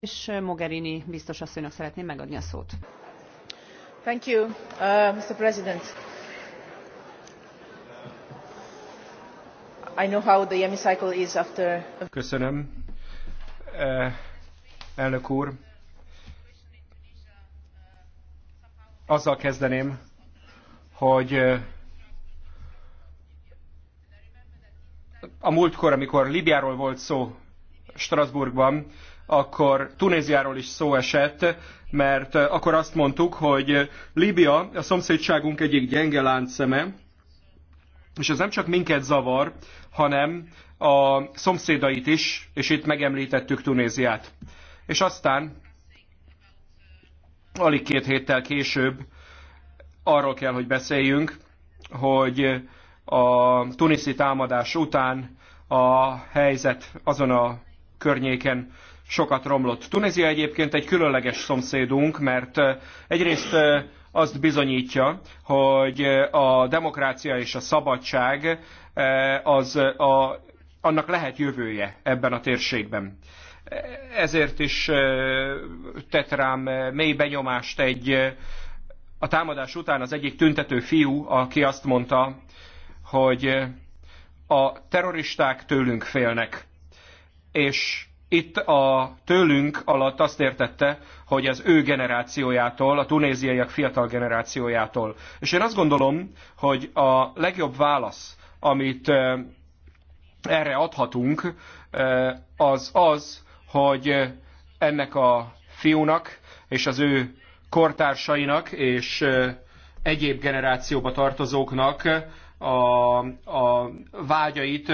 és Mogherini biztos asszonynak szeretném megadni a szót. Thank you, uh, Mr. President. I know how the hemicycle is after... Köszönöm. Uh, elnök úr, azzal kezdeném, hogy eh, a múltkor, amikor Libiáról volt szó Strasbourgban, akkor Tunéziáról is szó esett, mert eh, akkor azt mondtuk, hogy Líbia a szomszédságunk egyik gyenge láncszeme, és ez nem csak minket zavar, hanem a szomszédait is, és itt megemlítettük Tunéziát. És aztán alig két héttel később arról kell, hogy beszéljünk, hogy a tuniszi támadás után a helyzet azon a környéken sokat romlott. Tunézia egyébként egy különleges szomszédunk, mert egyrészt azt bizonyítja, hogy a demokrácia és a szabadság az a, annak lehet jövője ebben a térségben. Ezért is tett rám mély benyomást egy a támadás után az egyik tüntető fiú, aki azt mondta, hogy a terroristák tőlünk félnek, és itt a tőlünk alatt azt értette, hogy az ő generációjától, a tunéziaiak fiatal generációjától. És én azt gondolom, hogy a legjobb válasz, amit erre adhatunk, az az, hogy ennek a fiúnak és az ő kortársainak és egyéb generációba tartozóknak a, a vágyait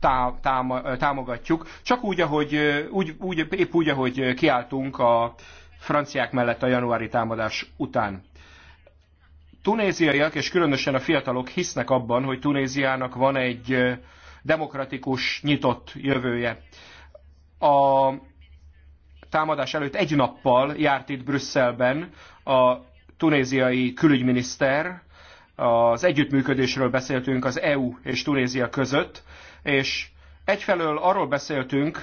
tá, tá, támogatjuk, csak úgy, ahogy, úgy, úgy, épp úgy, ahogy kiálltunk a franciák mellett a januári támadás után. Tunéziaiak, és különösen a fiatalok hisznek abban, hogy Tunéziának van egy demokratikus, nyitott jövője. A támadás előtt egy nappal járt itt Brüsszelben a tunéziai külügyminiszter, az együttműködésről beszéltünk az EU és Tunézia között, és egyfelől arról beszéltünk,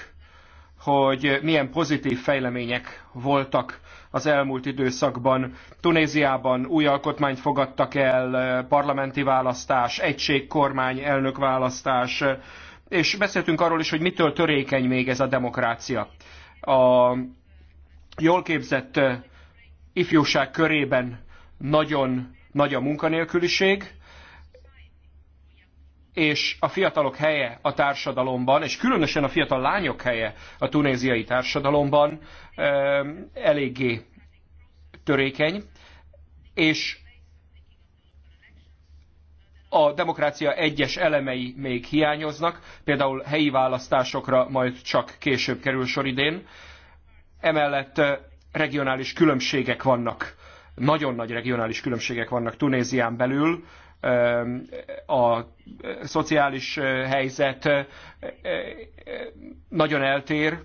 hogy milyen pozitív fejlemények voltak az elmúlt időszakban. Tunéziában új alkotmányt fogadtak el, parlamenti választás, egységkormány, elnökválasztás, és beszéltünk arról is, hogy mitől törékeny még ez a demokrácia. A jól képzett ifjúság körében nagyon nagy a munkanélküliség, és a fiatalok helye a társadalomban, és különösen a fiatal lányok helye a tunéziai társadalomban eléggé törékeny, és a demokrácia egyes elemei még hiányoznak, például helyi választásokra majd csak később kerül sor idén. Emellett regionális különbségek vannak nagyon nagy regionális különbségek vannak Tunézián belül, a szociális helyzet nagyon eltér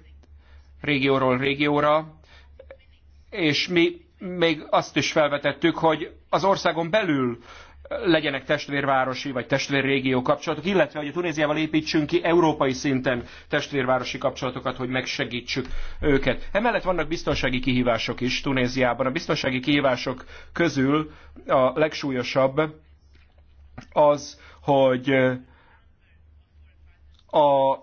régióról régióra, és mi még azt is felvetettük, hogy az országon belül legyenek testvérvárosi vagy testvérrégió kapcsolatok, illetve hogy a Tunéziával építsünk ki európai szinten testvérvárosi kapcsolatokat, hogy megsegítsük őket. Emellett vannak biztonsági kihívások is Tunéziában. A biztonsági kihívások közül a legsúlyosabb az, hogy a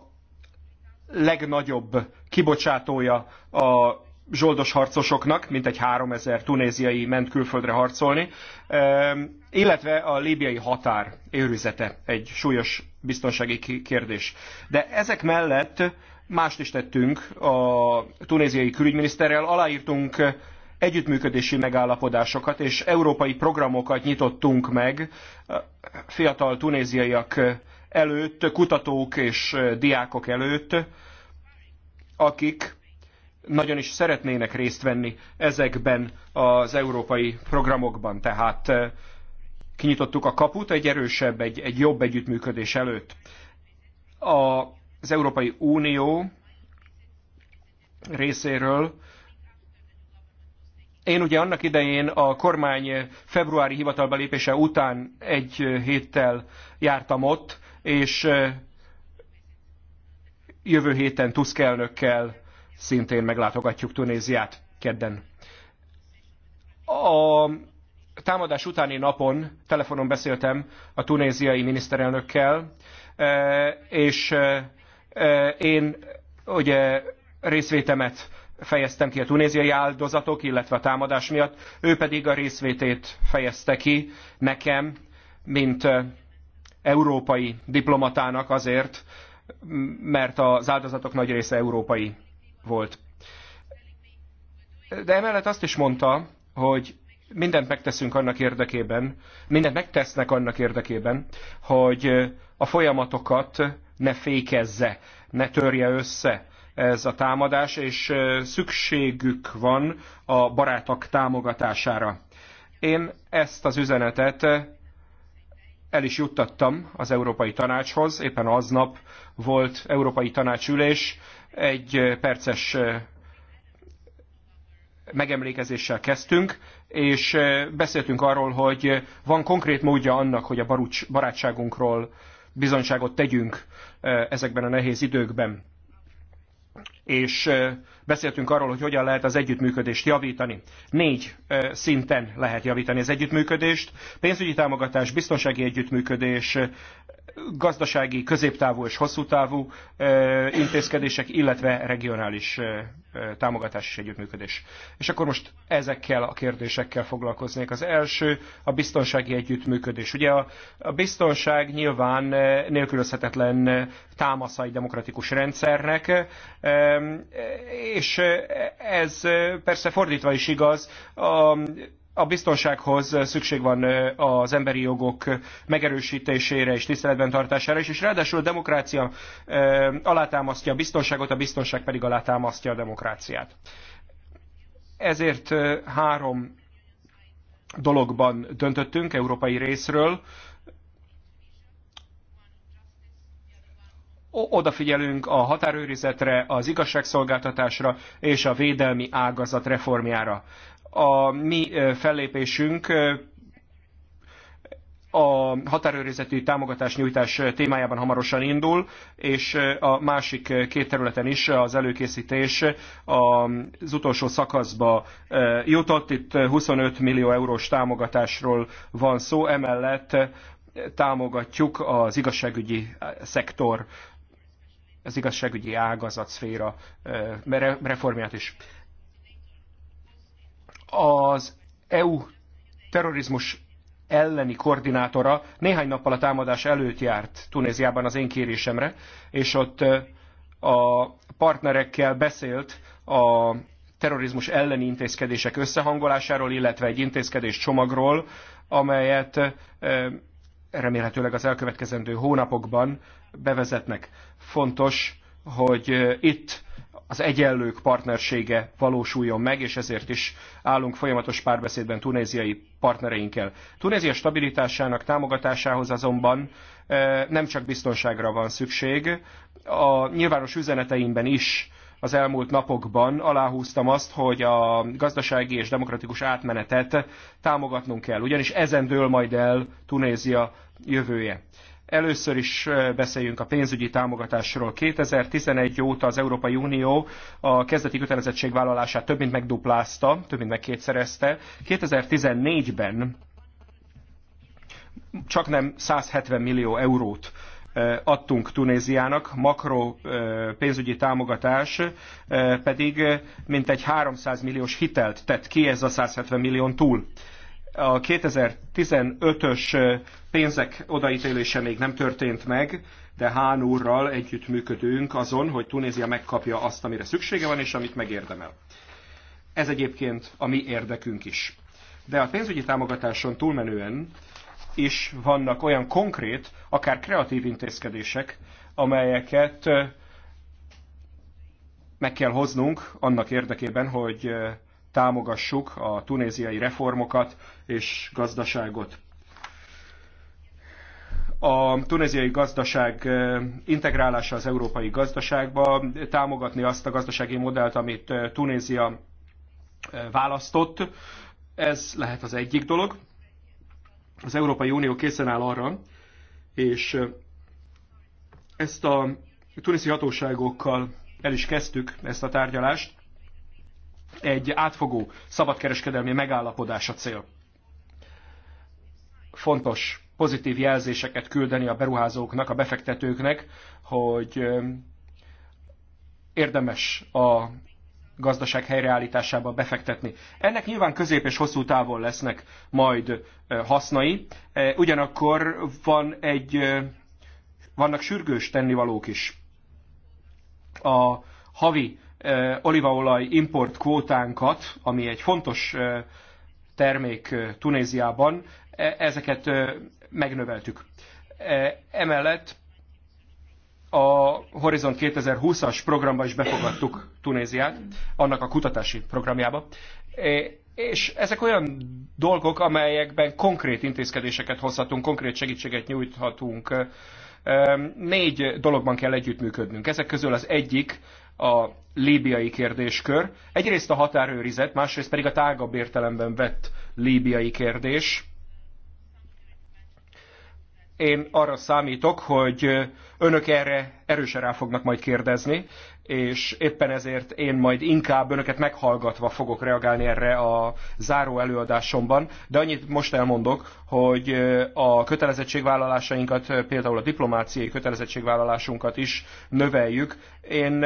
legnagyobb kibocsátója a zsoldos harcosoknak, mintegy 3000 tunéziai ment külföldre harcolni, ehm, illetve a líbiai határ őrizete egy súlyos biztonsági kérdés. De ezek mellett mást is tettünk a tunéziai külügyminiszterrel, aláírtunk együttműködési megállapodásokat és európai programokat nyitottunk meg fiatal tunéziaiak előtt, kutatók és diákok előtt, akik nagyon is szeretnének részt venni ezekben az európai programokban. Tehát eh, kinyitottuk a kaput egy erősebb, egy, egy jobb együttműködés előtt. A, az Európai Unió részéről én ugye annak idején a kormány februári hivatalba lépése után egy héttel jártam ott, és eh, jövő héten Tusk elnökkel szintén meglátogatjuk Tunéziát kedden. A támadás utáni napon telefonon beszéltem a tunéziai miniszterelnökkel, e, és e, e, én ugye részvétemet fejeztem ki a tunéziai áldozatok, illetve a támadás miatt, ő pedig a részvétét fejezte ki nekem, mint európai diplomatának azért, mert az áldozatok nagy része európai volt. De emellett azt is mondta, hogy mindent megteszünk annak érdekében, mindent megtesznek annak érdekében, hogy a folyamatokat ne fékezze, ne törje össze ez a támadás, és szükségük van a barátok támogatására. Én ezt az üzenetet el is juttattam az Európai Tanácshoz. Éppen aznap volt Európai Tanácsülés, egy perces megemlékezéssel kezdtünk, és beszéltünk arról, hogy van konkrét módja annak, hogy a barátságunkról bizonyságot tegyünk ezekben a nehéz időkben. És Beszéltünk arról, hogy hogyan lehet az együttműködést javítani. Négy szinten lehet javítani az együttműködést. Pénzügyi támogatás, biztonsági együttműködés, gazdasági, középtávú és hosszútávú intézkedések, illetve regionális támogatás és együttműködés. És akkor most ezekkel a kérdésekkel foglalkoznék. Az első a biztonsági együttműködés. Ugye a, a biztonság nyilván nélkülözhetetlen támasza egy demokratikus rendszernek, és ez persze fordítva is igaz. A, a biztonsághoz szükség van az emberi jogok megerősítésére és tiszteletben tartására is, és ráadásul a demokrácia alátámasztja a biztonságot, a biztonság pedig alátámasztja a demokráciát. Ezért három dologban döntöttünk európai részről. odafigyelünk a határőrizetre, az igazságszolgáltatásra és a védelmi ágazat reformjára. A mi fellépésünk a határőrizeti támogatás nyújtás témájában hamarosan indul, és a másik két területen is az előkészítés az utolsó szakaszba jutott. Itt 25 millió eurós támogatásról van szó, emellett támogatjuk az igazságügyi szektor az igazságügyi ágazat szféra reformját is. Az EU terrorizmus elleni koordinátora néhány nappal a támadás előtt járt Tunéziában az én kérésemre, és ott a partnerekkel beszélt a terrorizmus elleni intézkedések összehangolásáról, illetve egy intézkedés csomagról, amelyet remélhetőleg az elkövetkezendő hónapokban bevezetnek. Fontos, hogy itt az egyenlők partnersége valósuljon meg, és ezért is állunk folyamatos párbeszédben tunéziai partnereinkkel. Tunézia stabilitásának támogatásához azonban nem csak biztonságra van szükség, a nyilvános üzeneteimben is az elmúlt napokban aláhúztam azt, hogy a gazdasági és demokratikus átmenetet támogatnunk kell, ugyanis ezen dől majd el Tunézia jövője. Először is beszéljünk a pénzügyi támogatásról. 2011 óta az Európai Unió a kezdeti kötelezettségvállalását több mint megduplázta, több mint megkétszerezte. 2014-ben csak nem 170 millió eurót Eh, adtunk Tunéziának, makro eh, pénzügyi támogatás eh, pedig mintegy 300 milliós hitelt tett ki, ez a 170 millión túl. A 2015-ös pénzek odaítélése még nem történt meg, de Hán úrral együttműködünk azon, hogy Tunézia megkapja azt, amire szüksége van, és amit megérdemel. Ez egyébként a mi érdekünk is. De a pénzügyi támogatáson túlmenően is vannak olyan konkrét, akár kreatív intézkedések, amelyeket meg kell hoznunk annak érdekében, hogy támogassuk a tunéziai reformokat és gazdaságot. A tunéziai gazdaság integrálása az európai gazdaságba, támogatni azt a gazdasági modellt, amit Tunézia választott, ez lehet az egyik dolog. Az Európai Unió készen áll arra, és ezt a tuniszi hatóságokkal el is kezdtük ezt a tárgyalást. Egy átfogó szabadkereskedelmi megállapodás a cél. Fontos pozitív jelzéseket küldeni a beruházóknak, a befektetőknek, hogy érdemes a gazdaság helyreállításába befektetni. Ennek nyilván közép és hosszú távon lesznek majd hasznai, ugyanakkor van egy, vannak sürgős tennivalók is. A havi olívaolaj import kvótánkat, ami egy fontos termék Tunéziában, e, ezeket megnöveltük. Emellett a Horizon 2020-as programba is befogadtuk Tunéziát, annak a kutatási programjába. És ezek olyan dolgok, amelyekben konkrét intézkedéseket hozhatunk, konkrét segítséget nyújthatunk. Négy dologban kell együttműködnünk. Ezek közül az egyik a líbiai kérdéskör. Egyrészt a határőrizet, másrészt pedig a tágabb értelemben vett líbiai kérdés én arra számítok, hogy önök erre erősen rá fognak majd kérdezni, és éppen ezért én majd inkább önöket meghallgatva fogok reagálni erre a záró előadásomban, de annyit most elmondok, hogy a kötelezettségvállalásainkat, például a diplomáciai kötelezettségvállalásunkat is növeljük. Én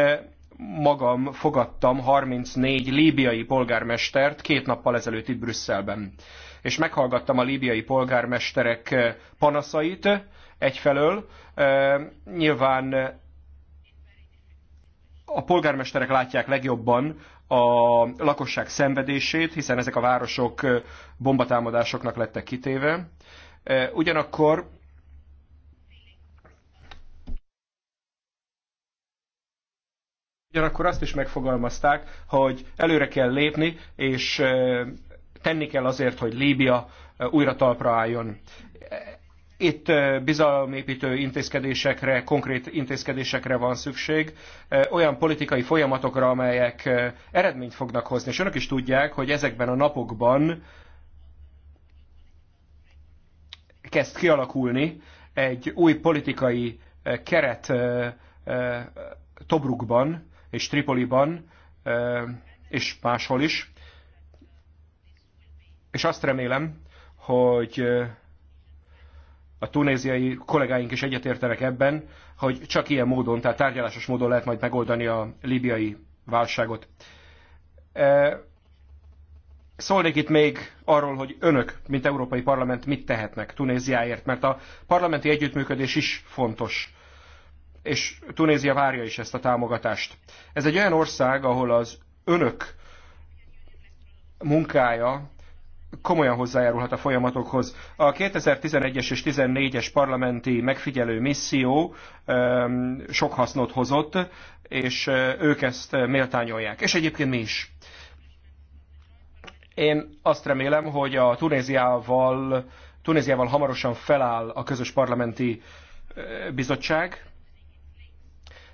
magam fogadtam 34 líbiai polgármestert két nappal ezelőtt itt Brüsszelben és meghallgattam a líbiai polgármesterek eh, panaszait eh, egyfelől. Eh, nyilván a polgármesterek látják legjobban a lakosság szenvedését, hiszen ezek a városok bombatámadásoknak lettek kitéve. Ugyanakkor Ugyanakkor azt is megfogalmazták, hogy előre kell lépni, és tenni kell azért, hogy Líbia újra talpra álljon. Itt bizalomépítő intézkedésekre, konkrét intézkedésekre van szükség, olyan politikai folyamatokra, amelyek eredményt fognak hozni. És önök is tudják, hogy ezekben a napokban kezd kialakulni egy új politikai keret Tobrukban és Tripoliban és máshol is, és azt remélem, hogy a tunéziai kollégáink is egyetértenek ebben, hogy csak ilyen módon, tehát tárgyalásos módon lehet majd megoldani a libiai válságot. Szólnék itt még arról, hogy önök, mint Európai Parlament mit tehetnek Tunéziáért, mert a parlamenti együttműködés is fontos, és Tunézia várja is ezt a támogatást. Ez egy olyan ország, ahol az önök munkája komolyan hozzájárulhat a folyamatokhoz. A 2011-es és 2014-es parlamenti megfigyelő misszió sok hasznot hozott, és ők ezt méltányolják. És egyébként mi is. Én azt remélem, hogy a Tunéziával, Tunéziával hamarosan feláll a közös parlamenti bizottság,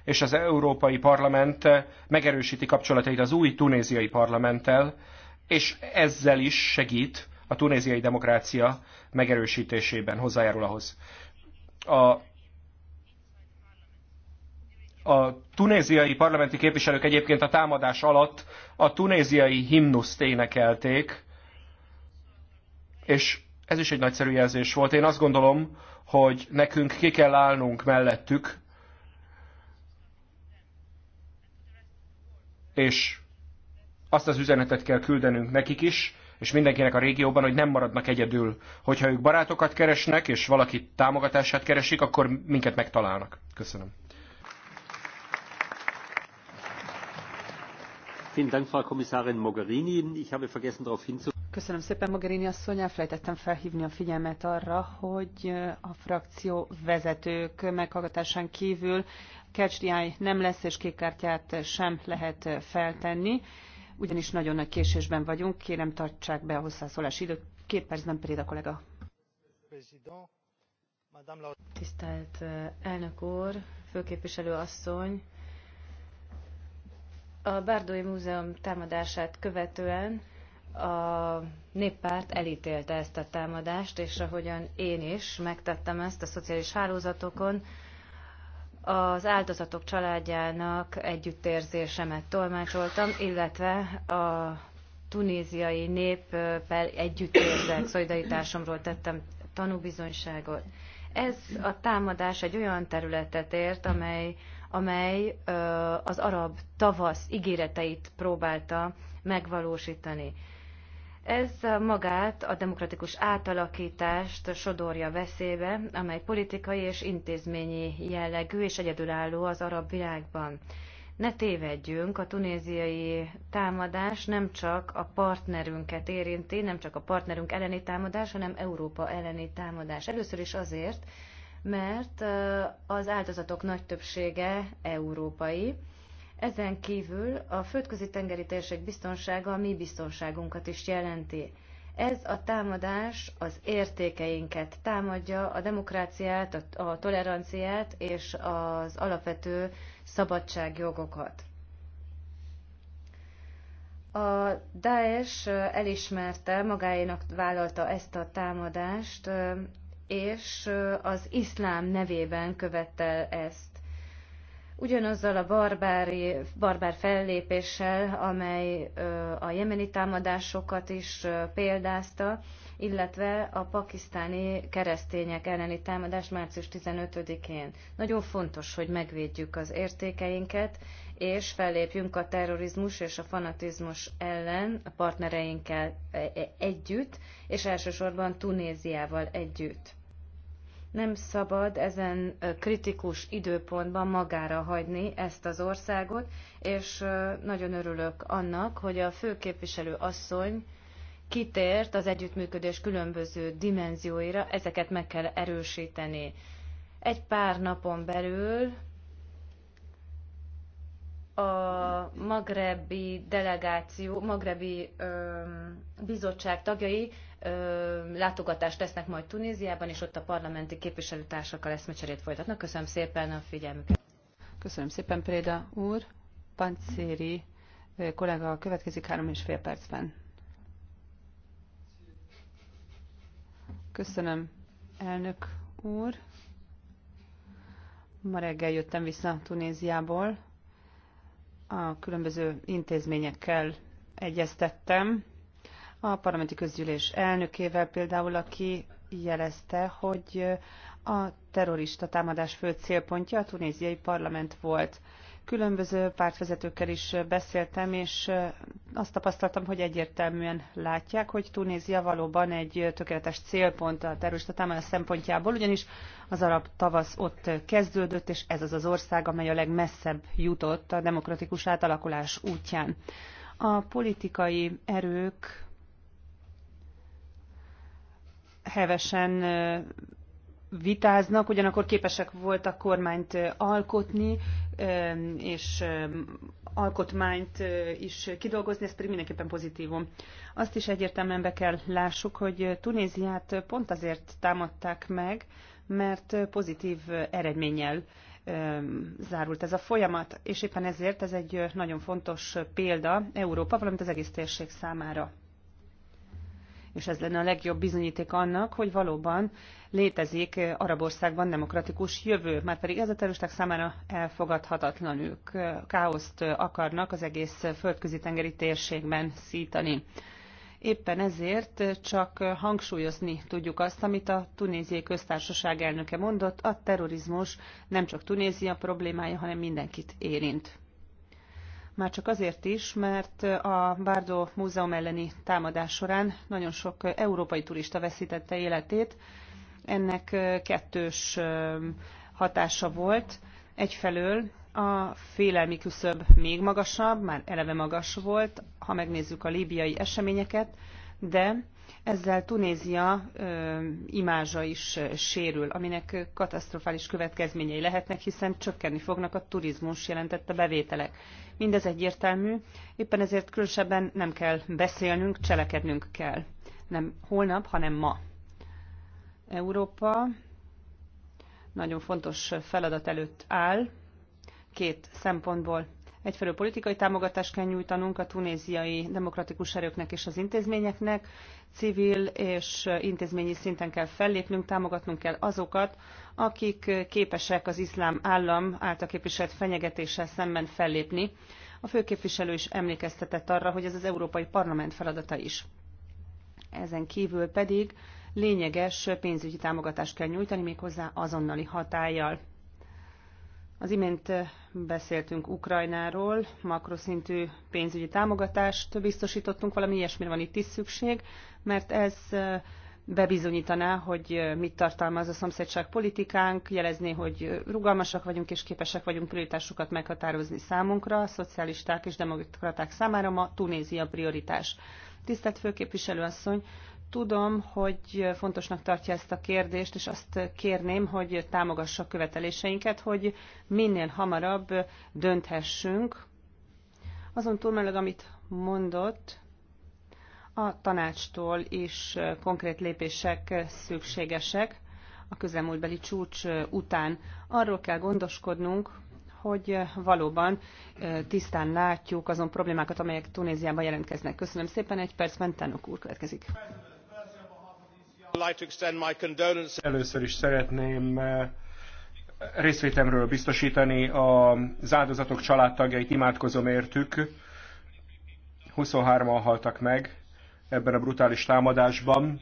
és az Európai Parlament megerősíti kapcsolatait az új tunéziai parlamenttel, és ezzel is segít a tunéziai demokrácia megerősítésében, hozzájárul ahhoz. A a tunéziai parlamenti képviselők egyébként a támadás alatt a tunéziai himnuszt énekelték, és ez is egy nagyszerű jelzés volt. Én azt gondolom, hogy nekünk ki kell állnunk mellettük, és azt az üzenetet kell küldenünk nekik is, és mindenkinek a régióban, hogy nem maradnak egyedül. Hogyha ők barátokat keresnek, és valaki támogatását keresik, akkor minket megtalálnak. Köszönöm. Köszönöm szépen, Mogherini asszony, elfelejtettem felhívni a figyelmet arra, hogy eh, a frakció vezetők meghallgatásán kívül catch nem lesz, és kékkártyát sem lehet eh, feltenni ugyanis nagyon nagy késésben vagyunk. Kérem, tartsák be a hozzászólási időt. Két perc, nem pedig a kollega. Tisztelt elnök úr, főképviselő asszony, a Bárdói Múzeum támadását követően a néppárt elítélte ezt a támadást, és ahogyan én is megtettem ezt a szociális hálózatokon, az áldozatok családjának együttérzésemet tolmácsoltam, illetve a tunéziai néppel együttérzett szolidaritásomról tettem tanúbizonyságot. Ez a támadás egy olyan területet ért, amely, amely az arab tavasz ígéreteit próbálta megvalósítani. Ez magát a demokratikus átalakítást sodorja veszélybe, amely politikai és intézményi jellegű és egyedülálló az arab világban. Ne tévedjünk, a tunéziai támadás nem csak a partnerünket érinti, nem csak a partnerünk elleni támadás, hanem Európa elleni támadás. Először is azért, mert az áldozatok nagy többsége európai, ezen kívül a földközi tengeri térség biztonsága a mi biztonságunkat is jelenti. Ez a támadás az értékeinket támadja, a demokráciát, a toleranciát és az alapvető szabadságjogokat. A Daesh elismerte, magáénak vállalta ezt a támadást, és az iszlám nevében követte ezt ugyanazzal a barbári, barbár fellépéssel, amely a jemeni támadásokat is példázta, illetve a pakisztáni keresztények elleni támadás március 15-én. Nagyon fontos, hogy megvédjük az értékeinket, és fellépjünk a terrorizmus és a fanatizmus ellen a partnereinkkel e, e, együtt, és elsősorban Tunéziával együtt. Nem szabad ezen kritikus időpontban magára hagyni ezt az országot, és nagyon örülök annak, hogy a főképviselő asszony kitért az együttműködés különböző dimenzióira, ezeket meg kell erősíteni. Egy pár napon belül a magrebi delegáció, magrebi ö, bizottság tagjai látogatást tesznek majd Tunéziában, és ott a parlamenti képviselőtársakkal eszmecserét folytatnak. Köszönöm szépen a figyelmüket. Köszönöm szépen, Préda úr. Pancéri kollega következik három és fél percben. Köszönöm, elnök úr. Ma reggel jöttem vissza Tunéziából. A különböző intézményekkel egyeztettem a parlamenti közgyűlés elnökével például, aki jelezte, hogy a terrorista támadás fő célpontja a tunéziai parlament volt. Különböző pártvezetőkkel is beszéltem, és azt tapasztaltam, hogy egyértelműen látják, hogy Tunézia valóban egy tökéletes célpont a terrorista támadás szempontjából, ugyanis az arab tavasz ott kezdődött, és ez az az ország, amely a legmesszebb jutott a demokratikus átalakulás útján. A politikai erők hevesen vitáznak, ugyanakkor képesek voltak kormányt alkotni, és alkotmányt is kidolgozni, ez pedig mindenképpen pozitívum. Azt is egyértelműen be kell lássuk, hogy Tunéziát pont azért támadták meg, mert pozitív eredménnyel zárult ez a folyamat, és éppen ezért ez egy nagyon fontos példa Európa, valamint az egész térség számára és ez lenne a legjobb bizonyíték annak, hogy valóban létezik eh, Arabországban demokratikus jövő, mert pedig ez a terroristák számára elfogadhatatlan. Ők eh, káoszt eh, akarnak az egész földközi tengeri térségben szítani. Éppen ezért csak hangsúlyozni tudjuk azt, amit a tunéziai köztársaság elnöke mondott, a terrorizmus nem csak Tunézia problémája, hanem mindenkit érint. Már csak azért is, mert a Bardo Múzeum elleni támadás során nagyon sok európai turista veszítette életét. Ennek kettős hatása volt. Egyfelől a félelmi küszöb még magasabb, már eleve magas volt, ha megnézzük a líbiai eseményeket, de ezzel Tunézia ö, imázsa is sérül, aminek katasztrofális következményei lehetnek, hiszen csökkenni fognak a turizmus jelentette bevételek. Mindez egyértelmű, éppen ezért különösebben nem kell beszélnünk, cselekednünk kell. Nem holnap, hanem ma. Európa nagyon fontos feladat előtt áll, két szempontból Egyfelől politikai támogatást kell nyújtanunk a tunéziai demokratikus erőknek és az intézményeknek, civil és intézményi szinten kell fellépnünk, támogatnunk kell azokat, akik képesek az iszlám állam által képviselt fenyegetéssel szemben fellépni. A főképviselő is emlékeztetett arra, hogy ez az Európai Parlament feladata is. Ezen kívül pedig lényeges pénzügyi támogatást kell nyújtani, méghozzá azonnali hatállyal. Az imént beszéltünk Ukrajnáról, makroszintű pénzügyi támogatást biztosítottunk, valami ilyesmire van itt is szükség, mert ez bebizonyítaná, hogy mit tartalmaz a szomszédság politikánk, jelezné, hogy rugalmasak vagyunk és képesek vagyunk prioritásokat meghatározni számunkra, a szocialisták és demokraták számára ma Tunézia prioritás. Tisztelt asszony, Tudom, hogy fontosnak tartja ezt a kérdést, és azt kérném, hogy támogassa a követeléseinket, hogy minél hamarabb dönthessünk. Azon túlmenőleg, amit mondott, a tanácstól is konkrét lépések szükségesek a közelmúltbeli csúcs után. Arról kell gondoskodnunk, hogy valóban tisztán látjuk azon problémákat, amelyek Tunéziában jelentkeznek. Köszönöm szépen, egy percben Tánok úr következik. Először is szeretném eh, részvétemről biztosítani az áldozatok családtagjait, imádkozom értük. 23-an haltak meg ebben a brutális támadásban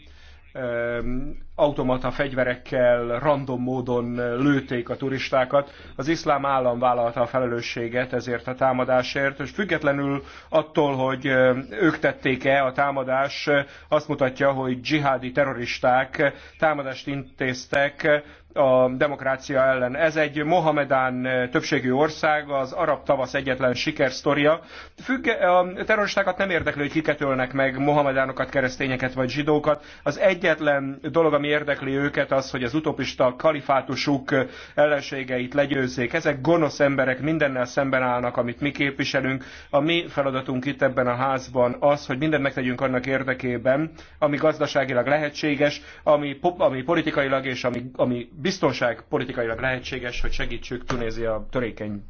automata fegyverekkel random módon lőtték a turistákat. Az iszlám állam vállalta a felelősséget ezért a támadásért, és függetlenül attól, hogy ők tették-e a támadás, azt mutatja, hogy dzsihádi terroristák támadást intéztek a demokrácia ellen. Ez egy Mohamedán eh, többségű ország, az arab tavasz egyetlen sikersztoria. Függe, eh, a terroristákat nem érdekli, hogy kiket ölnek meg, mohamedánokat, keresztényeket vagy zsidókat. Az egyetlen dolog, ami érdekli őket, az, hogy az utopista kalifátusuk eh, ellenségeit legyőzzék. Ezek gonosz emberek mindennel szemben állnak, amit mi képviselünk. A mi feladatunk itt ebben a házban az, hogy mindent megtegyünk annak érdekében, ami gazdaságilag lehetséges, ami, ami politikailag és ami, ami biztonságpolitikailag lehetséges, hogy segítsük Tunézia törékeny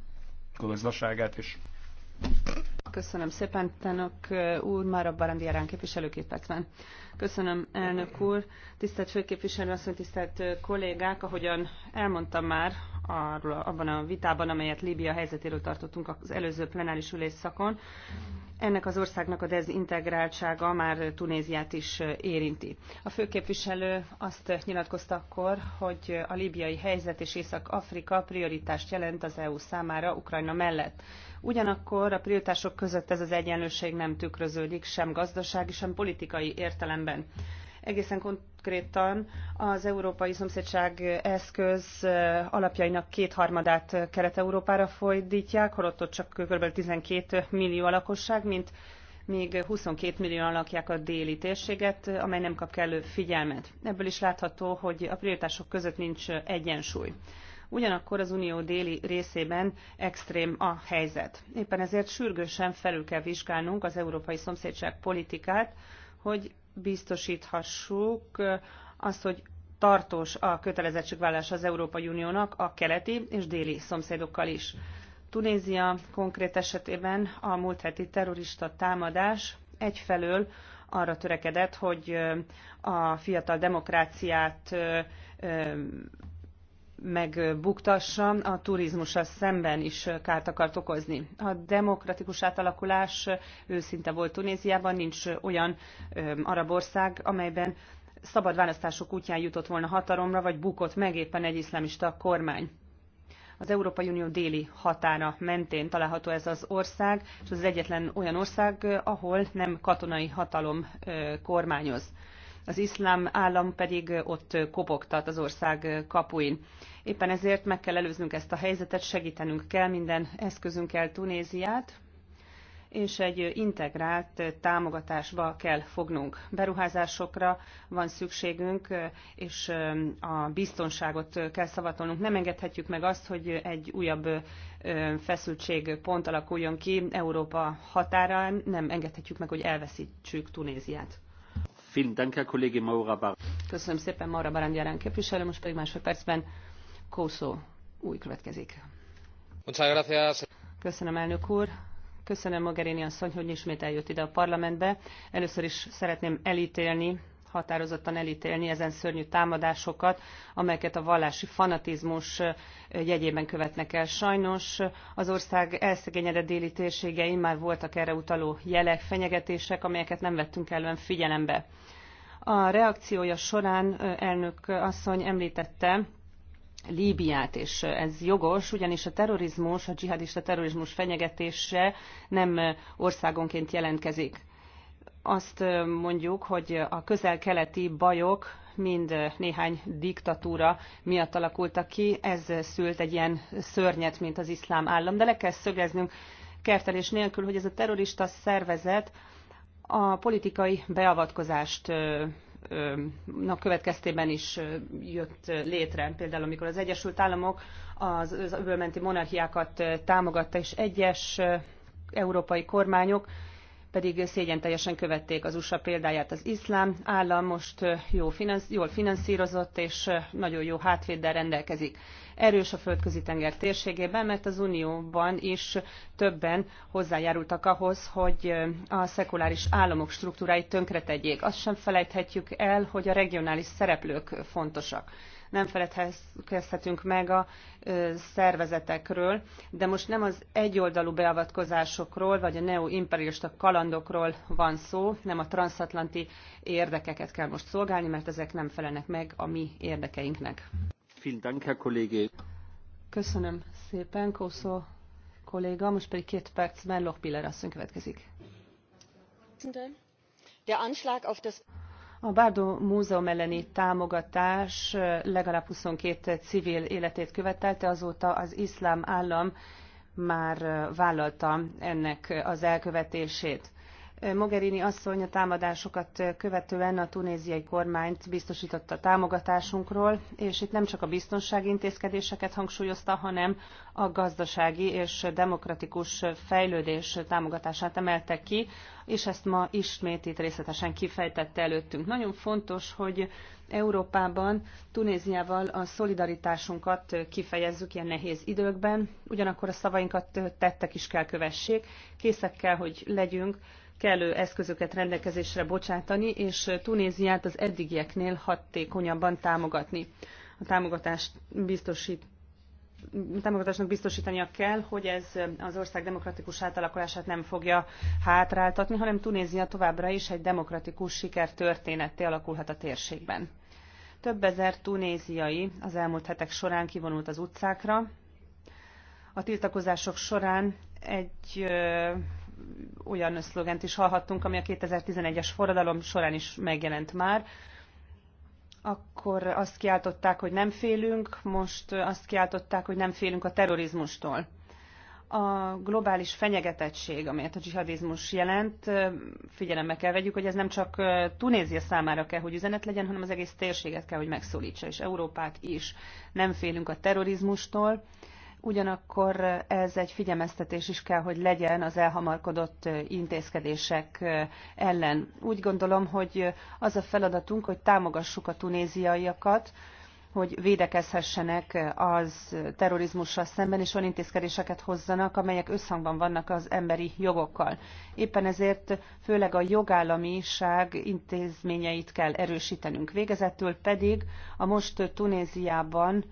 gazdaságát is. Köszönöm szépen, Tenok eh, úr, már a Barandi Arán képviselőképet van. Köszönöm, elnök úr. Tisztelt főképviselő asszony, tisztelt kollégák, ahogyan elmondtam már arról, abban a vitában, amelyet Líbia helyzetéről tartottunk az előző plenáris ülésszakon, ennek az országnak a dezintegráltsága már Tunéziát is érinti. A főképviselő azt nyilatkozta akkor, hogy a líbiai helyzet és Észak-Afrika prioritást jelent az EU számára Ukrajna mellett. Ugyanakkor a prioritások között ez az egyenlőség nem tükröződik sem gazdasági, sem politikai értelemben szemben. Egészen konkrétan az Európai Szomszédság eszköz eh, alapjainak kétharmadát eh, Kelet-Európára folydítják, holott ott csak kb. 12 eh, millió a lakosság, mint még 22 millió lakják a déli térséget, amely nem kap kellő figyelmet. Ebből is látható, hogy a prioritások között nincs egyensúly. Ugyanakkor az unió déli részében extrém a helyzet. Éppen ezért sürgősen felül kell vizsgálnunk az európai szomszédság politikát, hogy biztosíthassuk azt, hogy tartós a kötelezettségvállás az Európai Uniónak a keleti és déli szomszédokkal is. Tunézia konkrét esetében a múlt heti terrorista támadás egyfelől arra törekedett, hogy a fiatal demokráciát megbuktassa, a turizmussal szemben is kárt akart okozni. A demokratikus átalakulás őszinte volt Tunéziában, nincs olyan arab ország, amelyben szabad választások útján jutott volna hatalomra, vagy bukott meg éppen egy iszlamista kormány. Az Európai Unió déli határa mentén található ez az ország, és az egyetlen olyan ország, ahol nem katonai hatalom kormányoz. Az iszlám állam pedig ott kopogtat az ország kapuin. Éppen ezért meg kell előznünk ezt a helyzetet, segítenünk kell minden eszközünkkel Tunéziát, és egy integrált támogatásba kell fognunk. Beruházásokra van szükségünk, és a biztonságot kell szavatolnunk. Nem engedhetjük meg azt, hogy egy újabb pont alakuljon ki Európa határán, nem engedhetjük meg, hogy elveszítsük Tunéziát. Köszönöm szépen Maura Barandjárán képviselő, most pedig másodpercben Kószó új következik. Köszönöm, elnök úr. Köszönöm Mogherini asszony, hogy ismét eljött ide a parlamentbe. Először is szeretném elítélni, határozottan elítélni ezen szörnyű támadásokat, amelyeket a vallási fanatizmus eh, jegyében követnek el. Sajnos az ország elszegényedett déli térségein már voltak erre utaló jelek, fenyegetések, amelyeket nem vettünk elően figyelembe. A reakciója során eh, elnök asszony említette, Líbiát, és ez jogos, ugyanis a terrorizmus, a dzsihadista terrorizmus fenyegetése nem országonként jelentkezik. Azt mondjuk, hogy a közel-keleti bajok mind néhány diktatúra miatt alakultak ki, ez szült egy ilyen szörnyet, mint az iszlám állam, de le kell szögeznünk kertelés nélkül, hogy ez a terrorista szervezet a politikai beavatkozást következtében is jött létre. Például amikor az Egyesült Államok az, az öbölmenti monarchiákat támogatta, és egyes európai kormányok pedig szégyen teljesen követték az USA példáját. Az iszlám állam most jó finansz, jól finanszírozott és nagyon jó hátvéddel rendelkezik. Erős a földközi tenger térségében, mert az Unióban is többen hozzájárultak ahhoz, hogy a szekuláris államok struktúráit tönkretegyék. Azt sem felejthetjük el, hogy a regionális szereplők fontosak nem feledkezhetünk meg a szervezetekről, de most nem az egyoldalú beavatkozásokról, vagy a neoimperialista kalandokról van szó, nem a transatlanti érdekeket kell most szolgálni, mert ezek nem felelnek meg a mi érdekeinknek. Köszönöm szépen, Kószó kolléga. Most pedig két percben Lochbiller asszony következik. De anschlag auf das a Bárdó Múzeum elleni támogatás legalább 22 civil életét követelte, azóta az iszlám állam már vállalta ennek az elkövetését. Mogherini asszony a támadásokat követően a tunéziai kormányt biztosította támogatásunkról, és itt nem csak a biztonsági intézkedéseket hangsúlyozta, hanem a gazdasági és demokratikus fejlődés támogatását emelte ki, és ezt ma ismét itt részletesen kifejtette előttünk. Nagyon fontos, hogy Európában, Tunéziával a szolidaritásunkat kifejezzük ilyen nehéz időkben, ugyanakkor a szavainkat tettek is kell kövessék, készek kell, hogy legyünk kellő eszközöket rendelkezésre bocsátani, és Tunéziát az eddigieknél hatékonyabban támogatni. A támogatást biztosít támogatásnak biztosítania kell, hogy ez az ország demokratikus átalakulását nem fogja hátráltatni, hanem Tunézia továbbra is egy demokratikus siker történetté alakulhat a térségben. Több ezer tunéziai az elmúlt hetek során kivonult az utcákra. A tiltakozások során egy olyan szlogent is hallhattunk, ami a 2011-es forradalom során is megjelent már. Akkor azt kiáltották, hogy nem félünk, most azt kiáltották, hogy nem félünk a terrorizmustól. A globális fenyegetettség, amelyet a dzsihadizmus jelent, figyelembe kell vegyük, hogy ez nem csak Tunézia számára kell, hogy üzenet legyen, hanem az egész térséget kell, hogy megszólítsa, és Európát is. Nem félünk a terrorizmustól ugyanakkor ez egy figyelmeztetés is kell, hogy legyen az elhamarkodott intézkedések ellen. Úgy gondolom, hogy az a feladatunk, hogy támogassuk a tunéziaiakat, hogy védekezhessenek az terrorizmussal szemben, és olyan intézkedéseket hozzanak, amelyek összhangban vannak az emberi jogokkal. Éppen ezért főleg a jogállamiság intézményeit kell erősítenünk. Végezetül pedig a most Tunéziában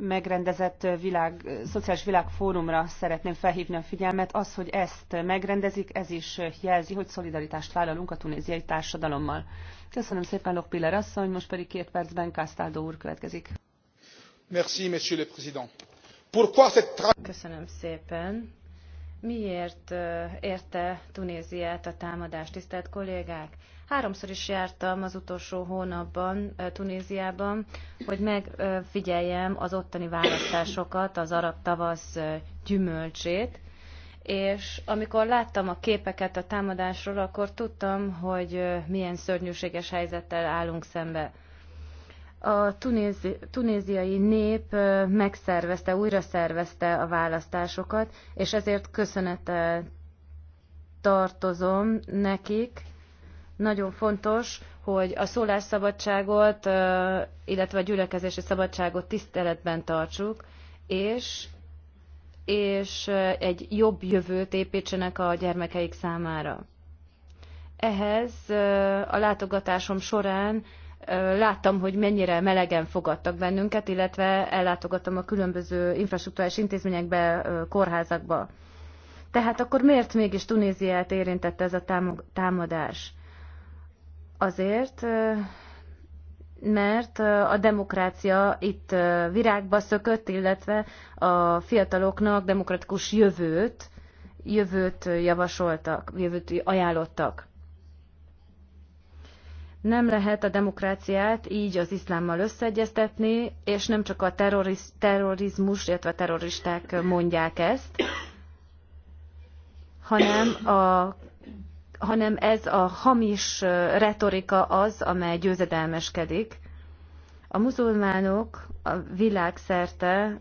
megrendezett világ, szociális világfórumra szeretném felhívni a figyelmet. Az, hogy ezt megrendezik, ez is jelzi, hogy szolidaritást vállalunk a tunéziai társadalommal. Köszönöm szépen, Lokpiller asszony, most pedig két percben Kásztáldó úr következik. Merci, monsieur le président. Pourquoi cette... Köszönöm szépen. Miért érte Tunéziát a támadás, tisztelt kollégák? Háromszor is jártam az utolsó hónapban Tunéziában, hogy megfigyeljem az ottani választásokat, az arab tavasz gyümölcsét, és amikor láttam a képeket a támadásról, akkor tudtam, hogy milyen szörnyűséges helyzettel állunk szembe a tunézi, tunéziai nép megszervezte, újra szervezte a választásokat, és ezért köszönettel tartozom nekik. Nagyon fontos, hogy a szólásszabadságot, illetve a gyülekezési szabadságot tiszteletben tartsuk, és, és egy jobb jövőt építsenek a gyermekeik számára. Ehhez a látogatásom során láttam, hogy mennyire melegen fogadtak bennünket, illetve ellátogattam a különböző infrastruktúrás intézményekbe, kórházakba. Tehát akkor miért mégis Tunéziát érintette ez a támadás? Azért, mert a demokrácia itt virágba szökött, illetve a fiataloknak demokratikus jövőt, jövőt javasoltak, jövőt ajánlottak. Nem lehet a demokráciát így az iszlámmal összeegyeztetni, és nem csak a terroriz, terrorizmus, illetve a terroristák mondják ezt, hanem, a, hanem ez a hamis retorika az, amely győzedelmeskedik. A muzulmánok a világszerte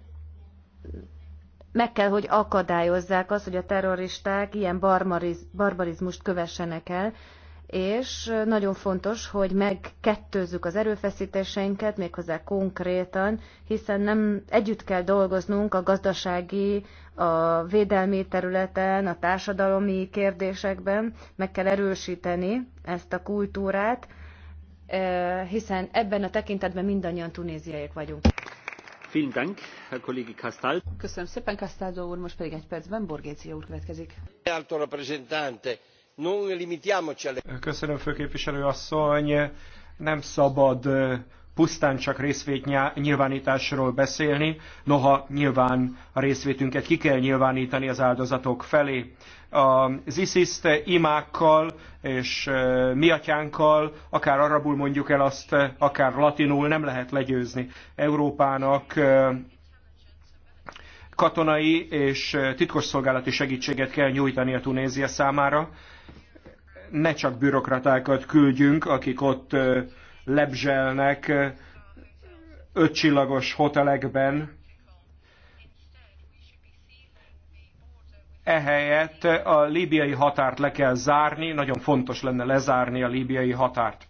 meg kell, hogy akadályozzák azt, hogy a terroristák ilyen barbariz, barbarizmust kövessenek el, és nagyon fontos, hogy megkettőzzük az erőfeszítéseinket, méghozzá konkrétan, hiszen nem együtt kell dolgoznunk a gazdasági, a védelmi területen, a társadalomi kérdésekben, meg kell erősíteni ezt a kultúrát, eh, hiszen ebben a tekintetben mindannyian tunéziaiak vagyunk. Köszönöm szépen, Castaldo úr, most pedig egy percben Borgécia úr következik. Köszönöm, főképviselő asszony. Nem szabad pusztán csak részvétnyilvánításról beszélni, noha nyilván a részvétünket ki kell nyilvánítani az áldozatok felé. Az isis imákkal és miatyánkkal, akár arabul mondjuk el azt, akár latinul nem lehet legyőzni. Európának katonai és titkosszolgálati segítséget kell nyújtani a Tunézia számára ne csak bürokratákat küldjünk, akik ott lebzselnek ötcsillagos hotelekben. Ehelyett a líbiai határt le kell zárni, nagyon fontos lenne lezárni a líbiai határt.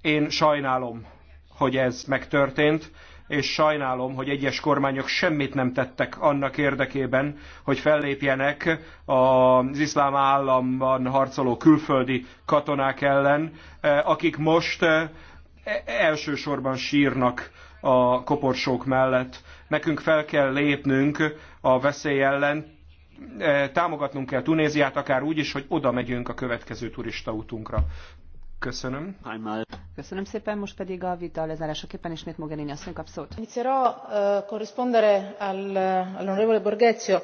Én sajnálom, hogy ez megtörtént és sajnálom, hogy egyes kormányok semmit nem tettek annak érdekében, hogy fellépjenek az iszlám államban harcoló külföldi katonák ellen, eh, akik most eh, elsősorban sírnak a koporsók mellett. Nekünk fel kell lépnünk a veszély ellen, eh, támogatnunk kell Tunéziát, akár úgy is, hogy oda megyünk a következő turistautunkra. Köszönöm. Köszönöm szépen, most pedig a vita lezárásaképpen ismét Mogherini asszony kap szót. Inizierò uh, corrispondere all'onorevole Borghezio.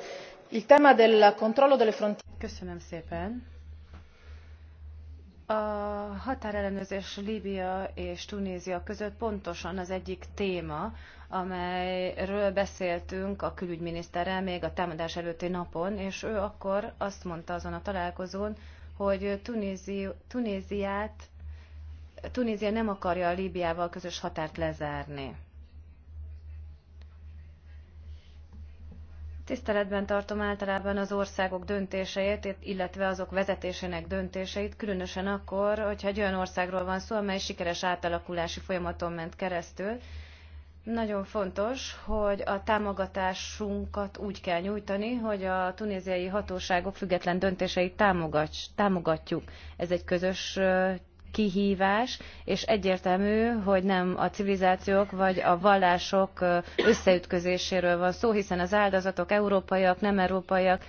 Il tema del controllo delle frontiere. Köszönöm szépen. A határellenőrzés Líbia és Tunézia között pontosan az egyik téma, amelyről beszéltünk a külügyminiszterrel még a támadás előtti napon, és ő akkor azt mondta azon a találkozón, hogy Tunézi, Tunéziát Tunézia nem akarja a Líbiával közös határt lezárni. Tiszteletben tartom általában az országok döntéseit, illetve azok vezetésének döntéseit, különösen akkor, hogyha egy olyan országról van szó, amely sikeres átalakulási folyamaton ment keresztül. Nagyon fontos, hogy a támogatásunkat úgy kell nyújtani, hogy a tunéziai hatóságok független döntéseit támogatjuk. Ez egy közös kihívás, és egyértelmű, hogy nem a civilizációk vagy a vallások összeütközéséről van szó, hiszen az áldozatok európaiak, nem európaiak,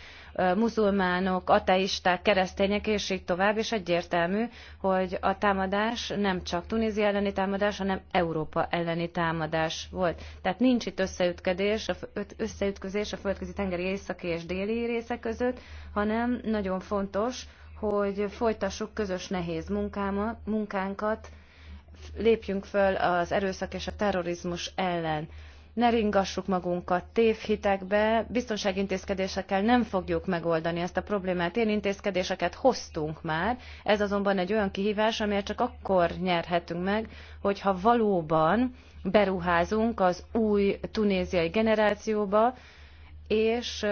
muzulmánok, ateisták, keresztények, és így tovább, és egyértelmű, hogy a támadás nem csak Tunézia elleni támadás, hanem Európa elleni támadás volt. Tehát nincs itt összeütkedés, összeütközés a földközi tengeri északi és déli részek között, hanem nagyon fontos, hogy folytassuk közös nehéz munkáma, munkánkat, lépjünk föl az erőszak és a terrorizmus ellen. Ne ringassuk magunkat tévhitekbe, biztonságintézkedésekkel nem fogjuk megoldani ezt a problémát. Én intézkedéseket hoztunk már, ez azonban egy olyan kihívás, amelyet csak akkor nyerhetünk meg, hogyha valóban beruházunk az új tunéziai generációba, és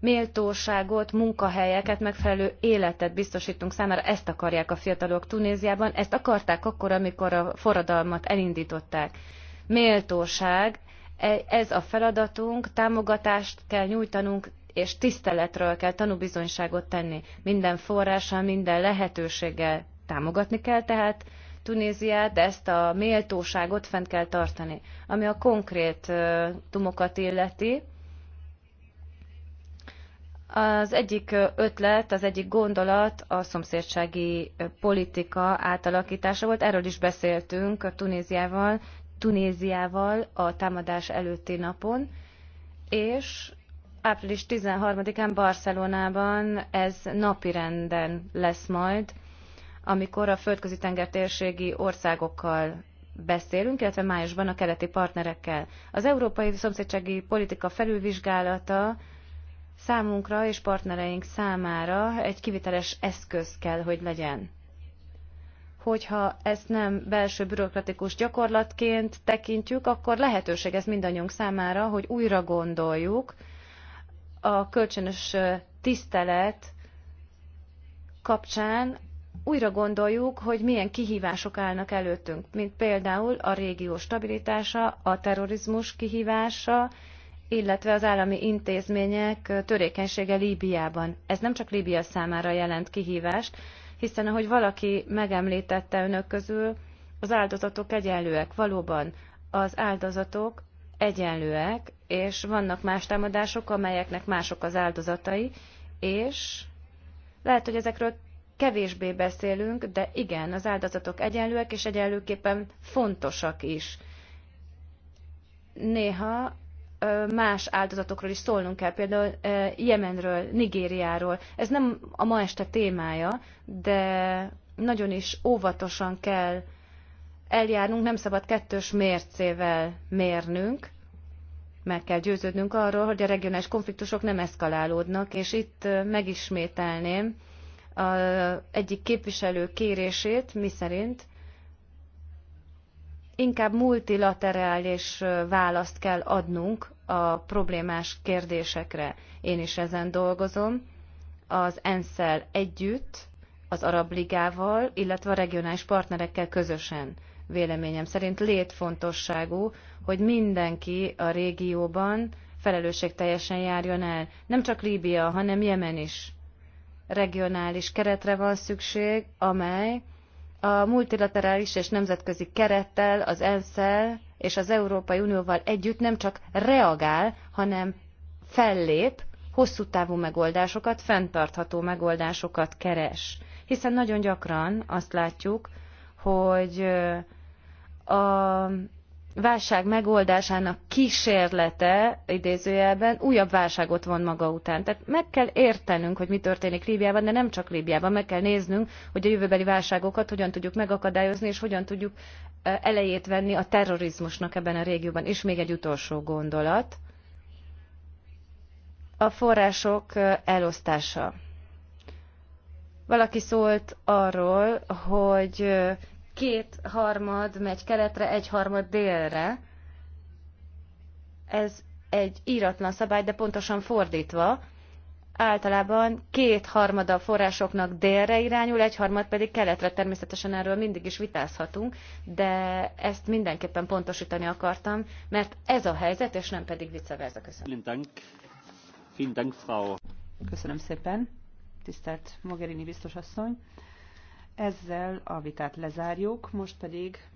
méltóságot, munkahelyeket, megfelelő életet biztosítunk számára. Ezt akarják a fiatalok Tunéziában, ezt akarták akkor, amikor a forradalmat elindították. Méltóság, e, ez a feladatunk, támogatást kell nyújtanunk, és tiszteletről kell tanúbizonyságot tenni. Minden forrással, minden lehetőséggel támogatni kell tehát Tunéziát, de ezt a méltóságot fent kell tartani. Ami a konkrét tumokat illeti, az egyik ötlet, az egyik gondolat a szomszédsági politika átalakítása volt. Erről is beszéltünk a Tunéziával, Tunéziával a támadás előtti napon, és április 13-án Barcelonában ez napirenden lesz majd, amikor a földközi tenger térségi országokkal beszélünk, illetve májusban a keleti partnerekkel. Az európai szomszédsági politika felülvizsgálata számunkra és partnereink számára egy kiviteles eszköz kell, hogy legyen. Hogyha ezt nem belső bürokratikus gyakorlatként tekintjük, akkor lehetőség ez mindannyiunk számára, hogy újra gondoljuk a kölcsönös tisztelet kapcsán újra gondoljuk, hogy milyen kihívások állnak előttünk, mint például a régió stabilitása, a terrorizmus kihívása, illetve az állami intézmények törékenysége Líbiában. Ez nem csak Líbia számára jelent kihívást, hiszen ahogy valaki megemlítette önök közül, az áldozatok egyenlőek. Valóban az áldozatok egyenlőek, és vannak más támadások, amelyeknek mások az áldozatai, és lehet, hogy ezekről kevésbé beszélünk, de igen, az áldozatok egyenlőek, és egyenlőképpen fontosak is. Néha más áldozatokról is szólnunk kell, például Jemenről, Nigériáról. Ez nem a ma este témája, de nagyon is óvatosan kell eljárnunk, nem szabad kettős mércével mérnünk, meg kell győződnünk arról, hogy a regionális konfliktusok nem eszkalálódnak, és itt megismételném a egyik képviselő kérését, miszerint inkább multilaterális választ kell adnunk a problémás kérdésekre. Én is ezen dolgozom, az ensz együtt, az Arab Ligával, illetve a regionális partnerekkel közösen. Véleményem szerint létfontosságú, hogy mindenki a régióban felelősségteljesen járjon el. Nem csak Líbia, hanem Jemen is. Regionális keretre van szükség, amely a multilaterális és nemzetközi kerettel, az ensz és az Európai Unióval együtt nem csak reagál, hanem fellép, hosszú távú megoldásokat, fenntartható megoldásokat keres. Hiszen nagyon gyakran azt látjuk, hogy a válság megoldásának kísérlete, idézőjelben, újabb válságot von maga után. Tehát meg kell értenünk, hogy mi történik Líbiában, de nem csak Líbiában, meg kell néznünk, hogy a jövőbeli válságokat hogyan tudjuk megakadályozni, és hogyan tudjuk elejét venni a terrorizmusnak ebben a régióban. És még egy utolsó gondolat. A források elosztása. Valaki szólt arról, hogy Két harmad, megy keletre, egy harmad délre. Ez egy íratlan szabály, de pontosan fordítva. Általában kétharmada a forrásoknak délre irányul, egy harmad pedig keletre. Természetesen erről mindig is vitázhatunk, de ezt mindenképpen pontosítani akartam, mert ez a helyzet, és nem pedig vice versa. Köszönöm. Köszönöm szépen, tisztelt Mogherini biztos asszony. Ezzel a vitát lezárjuk, most pedig